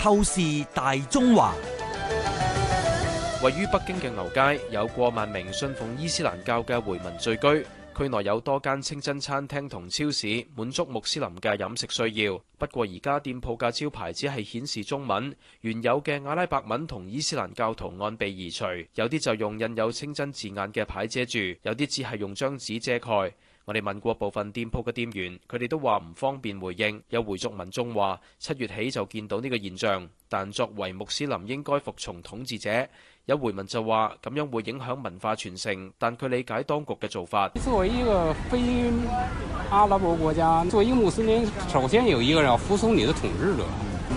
透視大中華，位於北京嘅牛街，有過萬名信奉伊斯蘭教嘅回民聚居，區內有多間清真餐廳同超市，滿足穆斯林嘅飲食需要。不過而家店鋪嘅招牌只係顯示中文，原有嘅阿拉伯文同伊斯蘭教圖案被移除，有啲就用印有清真字眼嘅牌遮住，有啲只係用張紙遮蓋。我哋問過部分店鋪嘅店員，佢哋都話唔方便回應。有回族民眾話，七月起就見到呢個現象，但作為穆斯林應該服從統治者。有回民就話，咁樣會影響文化傳承，但佢理解當局嘅做法。作為一個非阿拉伯國家，作為一個穆斯林，首先有一個人要服從你的統治者。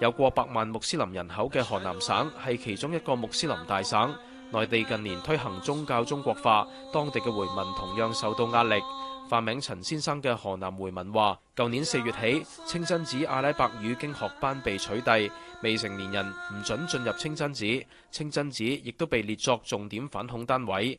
有過百萬穆斯林人口嘅河南省係其中一個穆斯林大省，內地近年推行宗教中國化，當地嘅回民同樣受到壓力。化名陳先生嘅河南回民話，舊年四月起，清真寺阿拉伯語經學班被取締，未成年人唔準進入清真寺，清真寺亦都被列作重點反恐單位。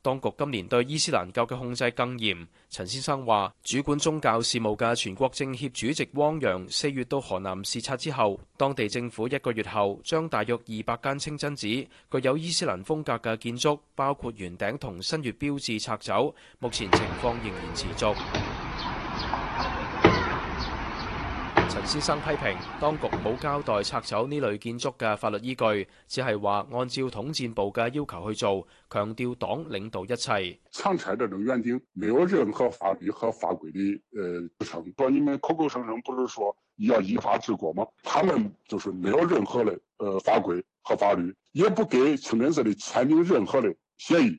當局今年對伊斯蘭教嘅控制更嚴。陳先生話：主管宗教事務嘅全國政協主席汪洋四月到河南視察之後，當地政府一個月後將大約二百間清真寺具有伊斯蘭風格嘅建築，包括圓頂同新月標誌拆走。目前情況仍然持續。先生批評當局冇交代拆走呢類建築嘅法律依據，只係話按照統戰部嘅要求去做，強調黨領導一切。強拆這種圓頂沒有任何法律和法規的呃支撐。說你們口口聲聲不是說要依法治國嗎？他們就是沒有任何嘅，呃法規和法律，也不給村民這裏簽訂任何的協議。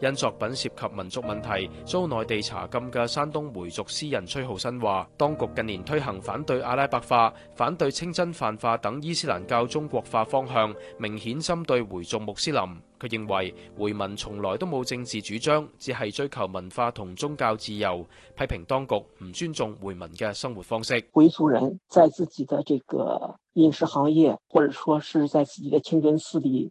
因作品涉及民族問題遭內地查禁嘅山東回族詩人崔浩新話，當局近年推行反對阿拉伯化、反對清真泛化等伊斯蘭教中國化方向，明顯針對回族穆斯林。佢認為回民從來都冇政治主張，只係追求文化同宗教自由，批評當局唔尊重回民嘅生活方式。回族人在自己的這個飲食行業或者說是在自己的清真寺裏，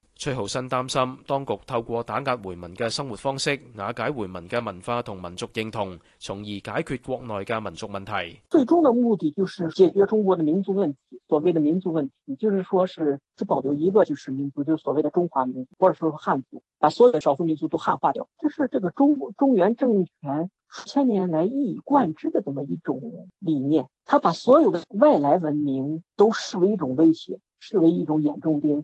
崔浩森擔心，當局透過打壓回民嘅生活方式，瓦解回民嘅文化同民族認同，從而解決國內嘅民族問題。最終的目的就是解決中國的民族問題。所謂的民族問題，就是說是只保留一個，就是民族，就是所謂的中華民族，或者說是漢族，把所有的少數民族都漢化掉。這是這個中國中原政權千年來一以貫之的這麼一種理念。他把所有的外來文明都視為一種威脅，視為一種眼中釘。